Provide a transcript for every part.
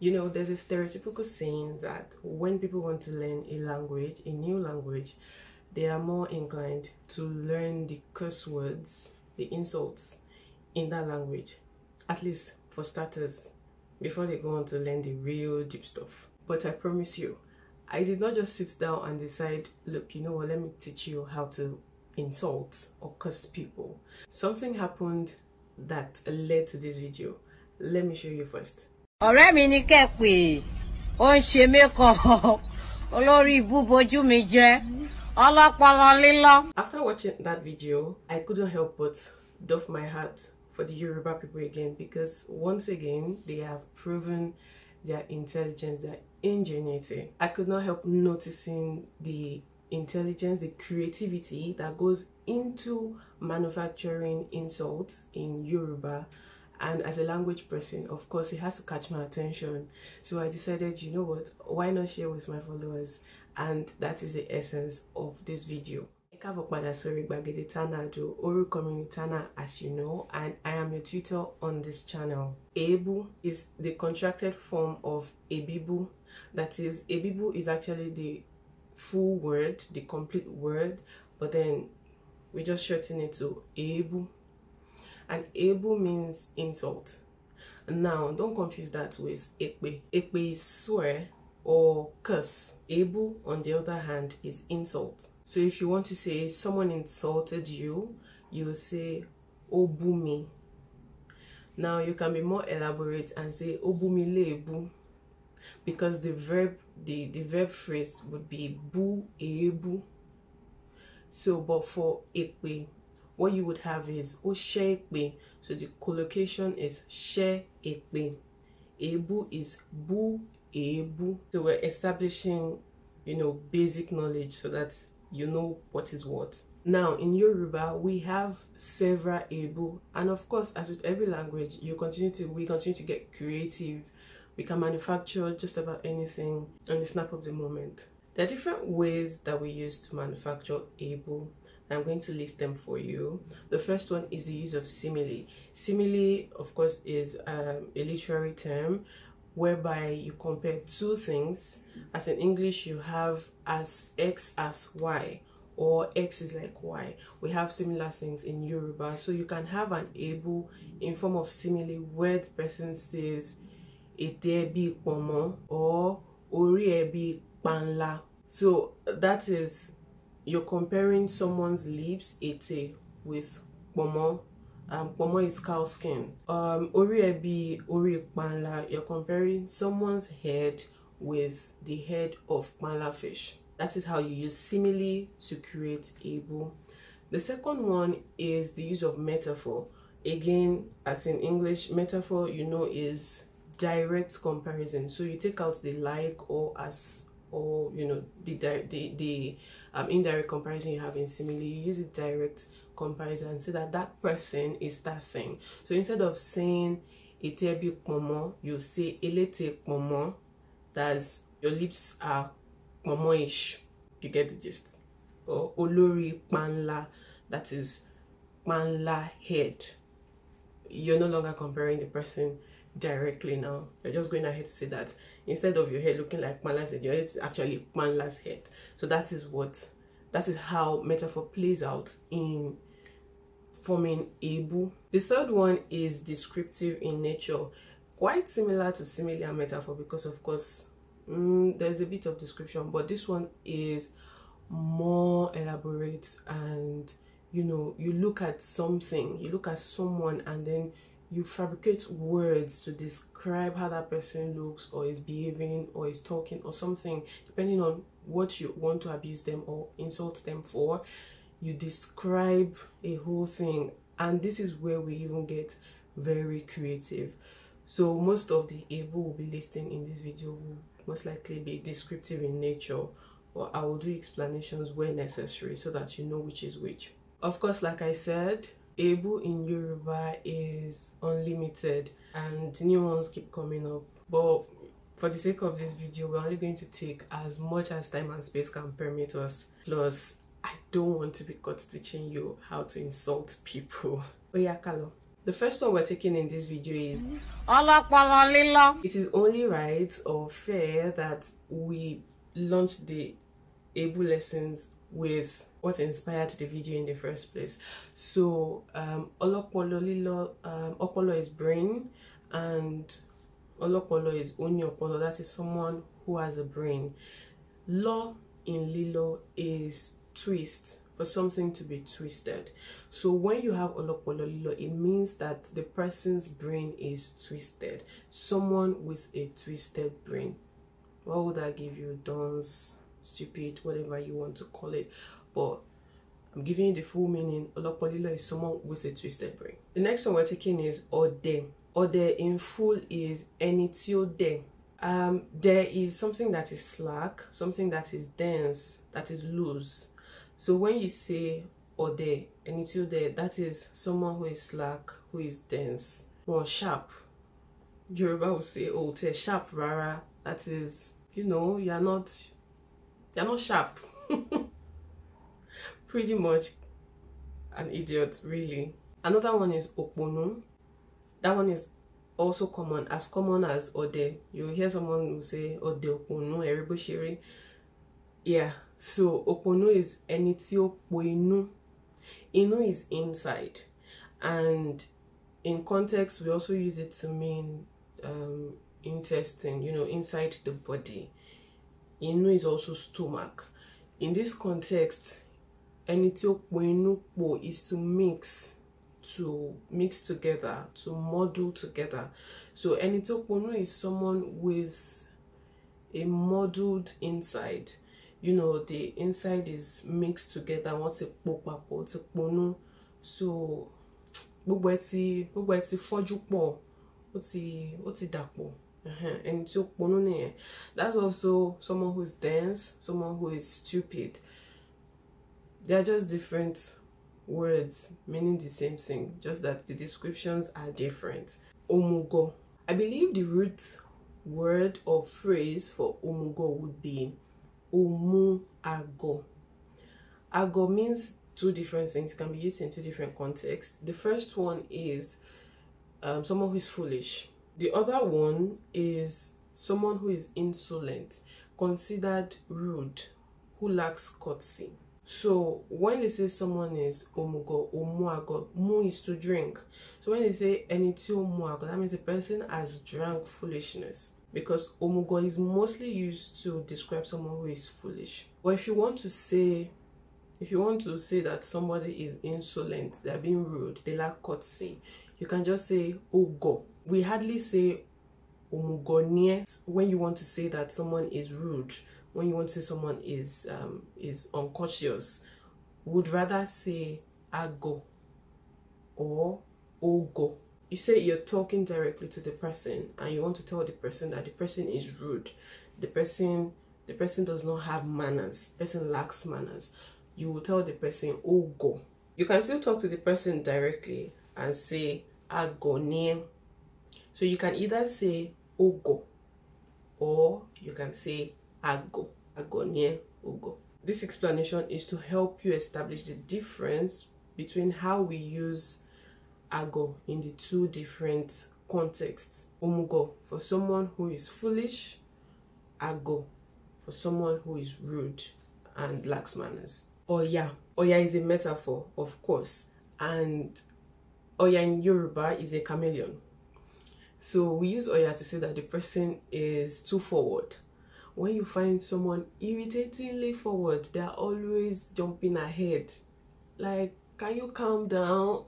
you know there's a stereotypical saying that when people want to learn a language a new language they are more inclined to learn the curse words the insults in that language at least for starters before they go on to learn the real deep stuff but i promise you i did not just sit down and decide look you know what let me teach you how to insult or curse people something happened that led to this video let me show you first ọ̀rẹ́ mi ní kẹ́pẹ́ ó ń ṣe makeup olórí ibú bojú mi jẹ́ ọlọ́pọlọ lílọ. After watching that video, I couldn't help but doff my hat for the Yoruba people again because once again they have proven their intelligence, their ingenuity. I could not help noticing the intelligence, the creativity that goes into manufacturing insults in Yoruba and as a language person of course it has to catch my attention so i decided you know what why not share with my followers and that is the essence of this video as you know and i am your tutor on this channel ebu is the contracted form of ebibu that is ebibu is actually the full word the complete word but then we just shorten it to ebu and able means insult. Now, don't confuse that with ekpe. Ekpe is swear or curse. Able, on the other hand, is insult. So if you want to say someone insulted you, you will say obumi. Now, you can be more elaborate and say obumi lebu because the verb the, the verb phrase would be bu ebu. So, but for ekpe, what you would have is ó she èpè so the collocation is she èpè Ebu is bú ebu. so we're establishing you know basic knowledge so that you know what is what now in Yoruba we have several ebu, and of course as with every language you continue to we continue to get creative we can manufacture just about anything on the snap of the moment there are different ways that we use to manufacture ebu. I'm going to list them for you. The first one is the use of simile. Simile, of course, is um, a literary term whereby you compare two things. As in English, you have as X as Y or X is like Y. We have similar things in Yoruba. So you can have an able in form of simile where the person says Ete bi or Ori e panla. So that is you're comparing someone's lips ete with pomo um, pomo is cow skin um ori ebi ori panla you're comparing someone's head with the head of panla fish that is how you use simile to create able the second one is the use of metaphor again as in english metaphor you know is direct comparison so you take out the like or as or you know the the the um, indirect comparison you have in simile, you use a direct comparison and say that that person is that thing. So instead of saying etebi momo, you say elete momo. That's your lips are momoish. You get the gist. Or olori panla, that is panla head. You're no longer comparing the person directly now. You're just going ahead to say that instead of your hair looking like Manla's head, your hair is actually Manla's head. So that is what, that is how metaphor plays out in forming Ibu. The third one is descriptive in nature, quite similar to similar metaphor because of course mm, there's a bit of description, but this one is more elaborate and you know you look at something you look at someone and then you fabricate words to describe how that person looks or is behaving or is talking or something depending on what you want to abuse them or insult them for you describe a whole thing and this is where we even get very creative so most of the able will be listing in this video will most likely be descriptive in nature or i will do explanations where necessary so that you know which is which of course like i said able in Yoruba is unlimited and new ones keep coming up. But for the sake of this video, we're only going to take as much as time and space can permit us. Plus, I don't want to be caught teaching you how to insult people. kalo, The first one we're taking in this video is It is only right or fair that we launch the able lessons with what inspired the video in the first place. So um, Olopolo, um, Opolo is brain and Olopolo is Onyopolo, that is someone who has a brain. Law in Lilo is twist, for something to be twisted. So when you have olopololilo, it means that the person's brain is twisted. Someone with a twisted brain. What would I give you? Dance, stupid, whatever you want to call it. But I'm giving you the full meaning. Olapolilo is someone with a twisted brain. The next one we're taking is Ode. Ode in full is Enitiode. Um, there is something that is slack, something that is dense, that is loose. So when you say Ode, Enitiode, that is someone who is slack, who is dense, more sharp. Yoruba will say, oh, sharp rara. That is, you know, you're not they are not sharp. Pretty much an idiot, really. Another one is Opono. That one is also common, as common as Ode. You hear someone who say Ode Opono, Ereboshiri. Yeah, so Opono is Eniti Opoinu. Inu is inside. And in context, we also use it to mean um, intestine, you know, inside the body. inú is also stomach in this context ẹni tí ó po inú pọ̀ is to mix to mix together to muddle together so ẹni tí ó po inú is someone with a muddled inside you know the inside is mixed together wọ́n ti po papọ̀ ti ponú so gbogbo ẹ ti gbogbo ẹ ti fọ́jú pọ̀ ó ti ó ti dàpọ̀. Uh-huh. and so that's also someone who's dense someone who is stupid they are just different words meaning the same thing just that the descriptions are different omugo i believe the root word or phrase for omugo would be umu ago ago means two different things can be used in two different contexts the first one is um, someone who is foolish the other one is someone who is insolent, considered rude, who lacks courtesy. So when they say someone is omugo, omuago, mu is to drink. So when they say eniti omuago, that means a person has drunk foolishness. Because omugo is mostly used to describe someone who is foolish. Or if you want to say, if you want to say that somebody is insolent, they're being rude, they lack courtesy, you can just say ogo. We hardly say omugonie when you want to say that someone is rude, when you want to say someone is um, is uncautious. Would rather say ago or ogo. You say you're talking directly to the person and you want to tell the person that the person is rude, the person the person does not have manners, the person lacks manners. You will tell the person ogo. You can still talk to the person directly and say agonie so you can either say ogo or you can say ago, agonye ogo. This explanation is to help you establish the difference between how we use ago in the two different contexts. Omugo for someone who is foolish, ago for someone who is rude and lacks manners. Oya. Oya is a metaphor, of course, and Oya in Yoruba is a chameleon. So we use Oya to say that the person is too forward. When you find someone irritatingly forward, they're always jumping ahead. Like, can you calm down?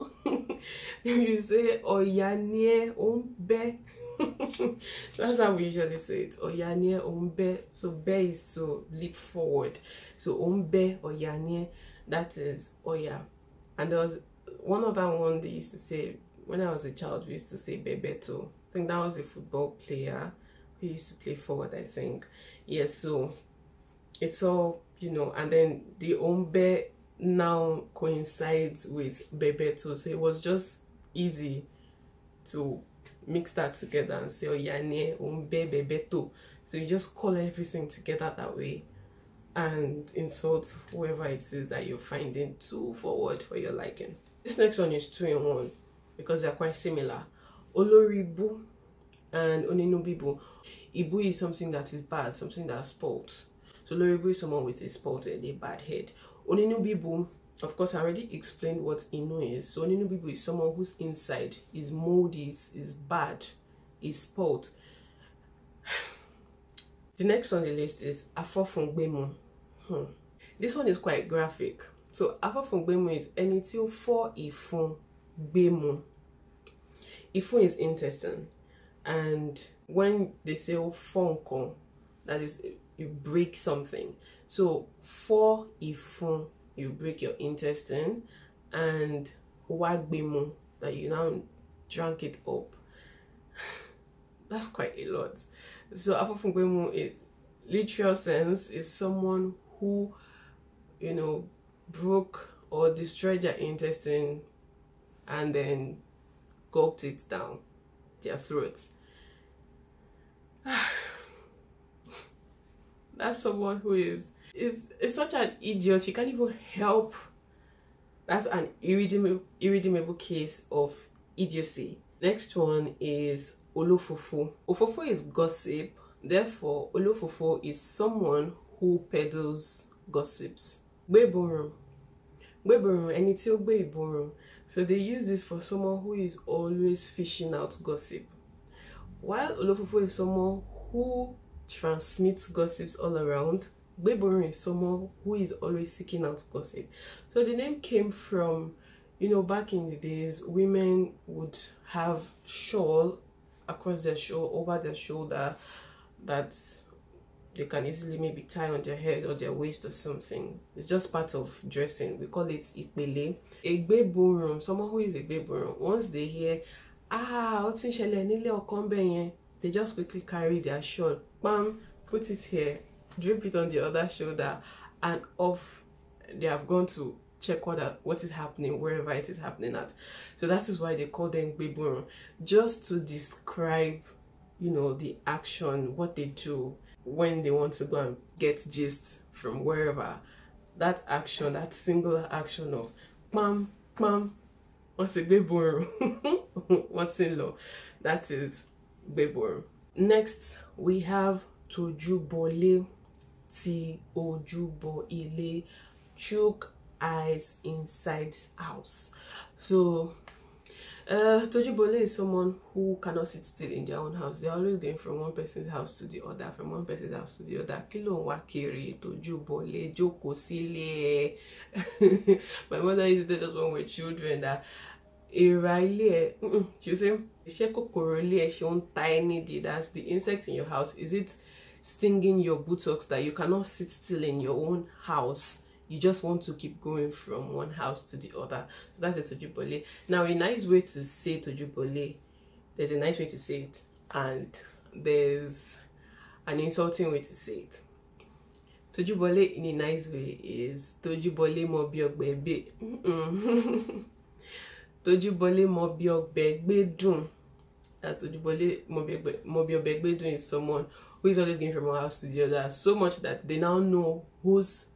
you say Oya nie umbe. That's how we usually say it. Oya nie umbe. So be is to leap forward. So umbe oya nie. That is Oya. And there was one other one they used to say when I was a child. We used to say bebe too I think that was a football player who used to play forward, I think. Yeah, so it's all, you know, and then the Ombe now coincides with Bebeto. So it was just easy to mix that together and say, oh, Yane, Ombe, Bebeto. So you just call everything together that way and insult whoever it is that you're finding too forward for your liking. This next one is two in one because they're quite similar. Oloribu and Oninobibu. Ibu is something that is bad, something that spoils. So Oloribu is someone with a spotted, a bad head. Oninobibu, of course, I already explained what Inu is. So Oninobibu is someone whose inside is moldy, is, is bad, is spoiled. the next on the list is Afofungbemu. Hmm. This one is quite graphic. So Afofungbemu is ẹni tí ìfun gbẹ́mu. Ifun is intestine, and when they say fonko, that is you break something. So for Ifun, you break your intestine, and wagbemu that you now drank it up. That's quite a lot. So afofungbemu, it literal sense is someone who, you know, broke or destroyed their intestine and then gulped it down their throats. That's someone who is, is is such an idiot. She can't even help. That's an irredeemable, irredeemable case of idiocy. Next one is Olofofo. Ofofo is gossip. Therefore, Olofofo is someone who peddles gossips. Weborum and it's your ó gbé So they use this for someone who is always fishing out gossip. While Olofofo is someone who transmits gossips all around, Gbeborun is someone who is always seeking out gossip. So the name came from, you know, back in the days, women would have shawl across their shoulder, over their shoulder, that they can easily maybe tie on their head or their waist or something. It's just part of dressing. We call it ikpele. Egbe burum, someone who is egbe burum, once they hear, ah, otin ti ń ṣẹlẹ̀ nílé ọkàn they just quickly carry their shawl, bam, put it here, drip it on the other shoulder, and off they have gone to check what, what is happening wherever it is happening at. So that is why they call them room, just to describe, you know, the action, what they do, when they want to go and get gist from wherever that action that singular action of mom mom what's a gbeborum what's in law that is gbeborum next we have tojubole ti ojubole ile chook eyes inside house so Uh, Tojibole is someone who cannot sit still in their own house. They're always going from one person's house to the other, from one person's house to the other. Kí ló ń wá kiri, Tojibole, My mother used to tell us when were children that èèrà ilé ẹ she say iṣẹ́ kòkòrò ilé ẹ ṣe ń that's the insect in your house is it stinging your buttocks that you cannot sit still in your own house you just want to keep going from one house to the other so that's a tojubole now a nice way to say tojubole there's a nice way to say it and there's an insulting way to say it tojubole in a nice way is tojubole mo tojubole mo bi that's tojubole mo bi is someone who is always going from one house to the other so much that they now know who's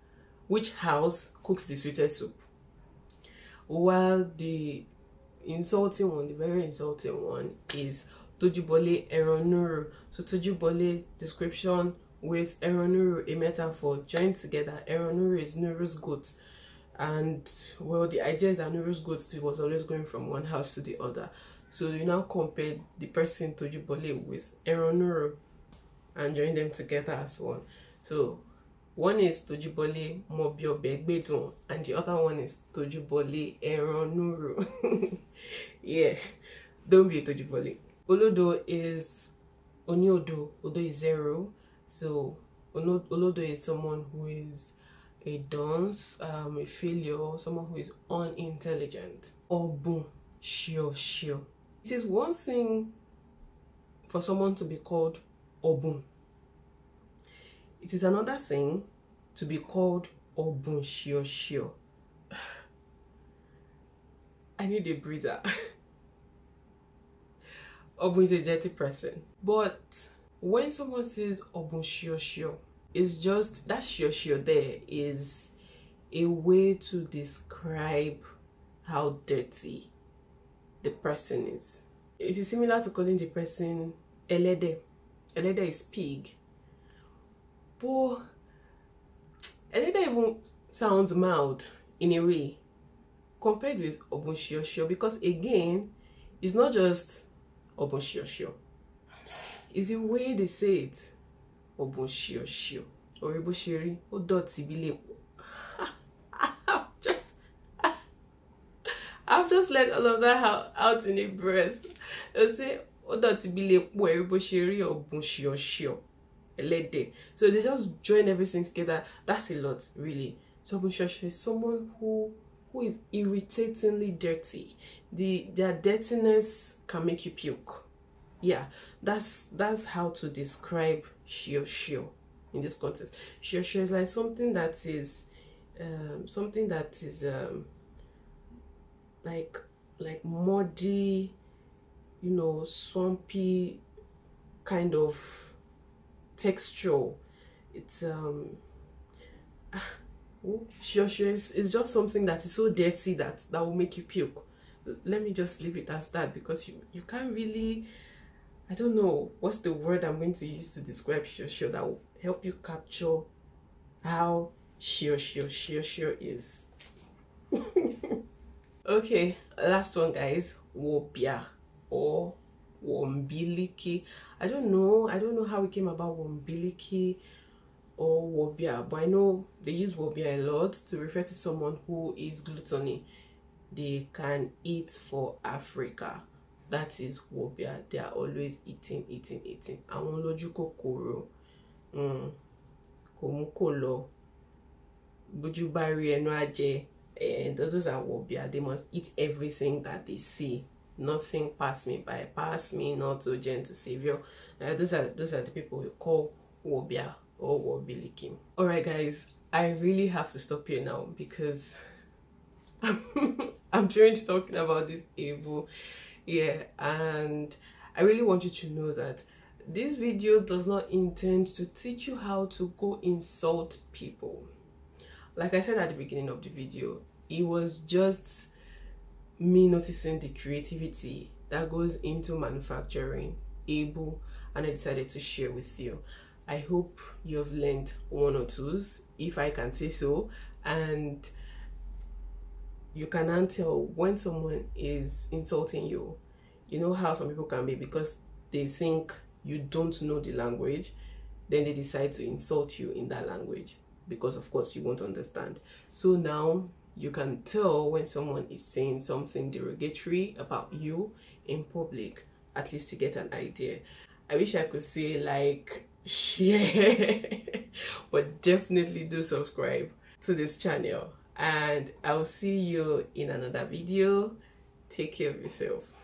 which house cooks the sweetest soup Well, the insulting one the very insulting one is tojubole eronuru so tojubole description with eronuru a metaphor joined together eronuru is nuru's goat and well the idea is that nuru's goat was always going from one house to the other so you now compare the person tojubole with eronuru and join them together as one so one is Tojúbọlé Mọ̀bíọbẹ̀ and the other one is Tojúbọlé eronuru. yeah, don't be a Tojúbọlé. Olodo is Oniodo. Odo is zero. So Olodo is someone who is a dunce, um, a failure, someone who is unintelligent. Ọ̀bùn ṣíọṣíọ. It is one thing for someone to be called ọ̀bùn It is another thing to be called Obunshioshio. I need a breather. Obun is a dirty person. But when someone says Obunshioshio, it's just that shioshio there is a way to describe how dirty the person is. It is similar to calling the person Elede. Elede is pig. But Eleda even sounds mild in a way compared with Obunshioshio because again, it's not just Obunshioshio. It's the way they say it. Obunshioshio. Oriboshiri. Odotibile. Just I've just let all of that out, out in a breast. They say Odotibile Oriboshiri Obunshioshio. Late day, So they just join everything together. That's a lot, really. So Bushosho is someone who who is irritatingly dirty. The their dirtiness can make you puke. Yeah, that's that's how to describe Shio Shio in this context. Shio Shio is like something that is um, something that is um, like like muddy, you know, swampy kind of texture it's um sure sure it's, it's just something that is so dirty that that will make you puke let me just leave it as that because you, you can't really I don't know what's the word I'm going to use to describe sure that will help you capture how sure sure is. okay, last one guys, Wopia. or Wombiliki. I don't know. I don't know how it came about Wombiliki or Wobia, but I know they use Wobia a lot to refer to someone who is gluttony. They can eat for Africa. That is Wobia. They are always eating, eating, eating. Àwọn lójú kòkòrò. Mm. Kò kolo. kò lọ. Bójú bá And eh, those are Wobia. They must eat everything that they see. nothing pass me by, pass me not, to gentle Savior. Uh, those are those are the people we call Wobia or Wobilikim. Alright guys, I really have to stop here now because I'm trying to talking about this evil. Yeah, and I really want you to know that this video does not intend to teach you how to go insult people. Like I said at the beginning of the video, it was just me noticing the creativity that goes into manufacturing able and I decided to share with you. I hope you've learned one or twos, if I can say so, and you can tell when someone is insulting you. You know how some people can be because they think you don't know the language, then they decide to insult you in that language because, of course, you won't understand. So now you can tell when someone is saying something derogatory about you in public, at least to get an idea. I wish I could say like share, but definitely do subscribe to this channel. And I'll see you in another video. Take care of yourself.